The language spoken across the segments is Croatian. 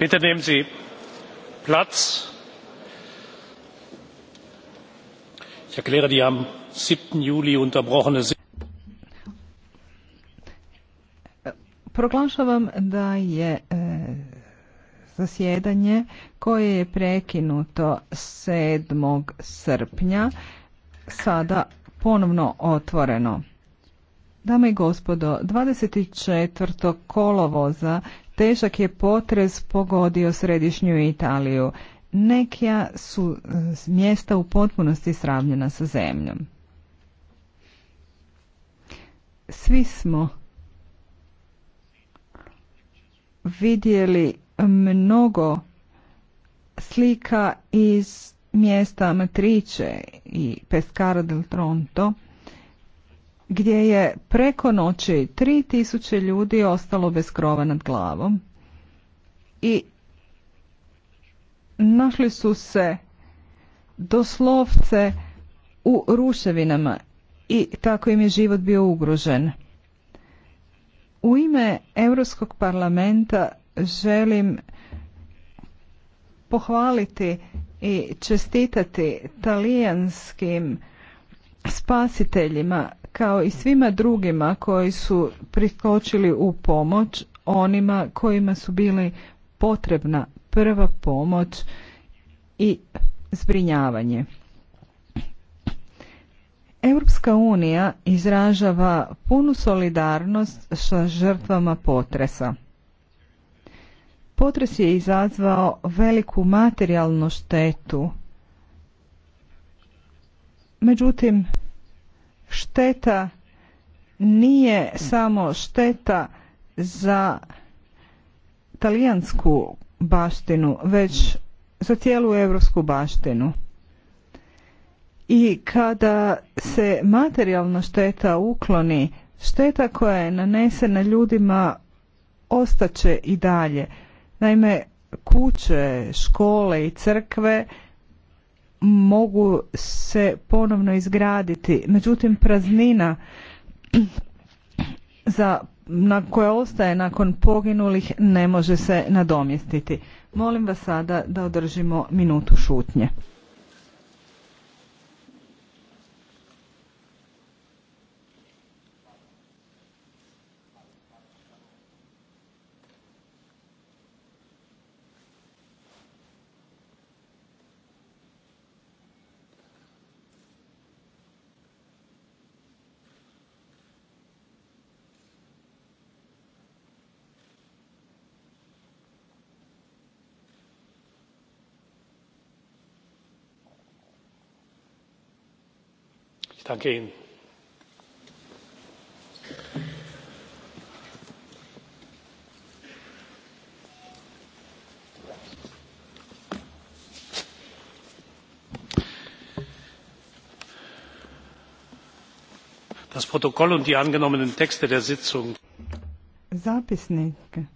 bitte nehmen sie platz. ich erkläre die am. sieben juli unterbrochene proglašavam da je e, zasjedanje koje je prekinuto 7. srpnja sada ponovno otvoreno. Dame i gospodo, 24. kolovoza Težak je potres pogodio središnju Italiju. Nekija su eh, mjesta u potpunosti sravljena sa zemljom. Svi smo vidjeli mnogo slika iz mjesta Matriće i Pescara del Tronto, gdje je preko noći tisuće ljudi ostalo bez krova nad glavom i našli su se doslovce u ruševinama i tako im je život bio ugrožen. U ime Europskog parlamenta želim pohvaliti i čestitati talijanskim spasiteljima kao i svima drugima koji su priskočili u pomoć onima kojima su bili potrebna prva pomoć i zbrinjavanje. Europska unija izražava punu solidarnost sa žrtvama potresa. Potres je izazvao veliku materijalnu štetu. Međutim, šteta nije samo šteta za talijansku baštinu, već za cijelu europsku baštinu. I kada se materijalna šteta ukloni, šteta koja je nanesena ljudima ostaće i dalje. Naime, kuće, škole i crkve mogu se ponovno izgraditi. Međutim, praznina za, na koja ostaje nakon poginulih ne može se nadomjestiti. Molim vas sada da održimo minutu šutnje. danke ihnen! das protokoll und die angenommenen texte der sitzung zapisnik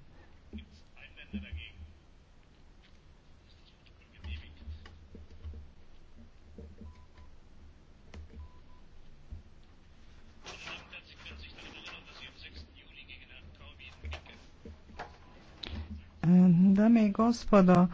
Dame i gospodo,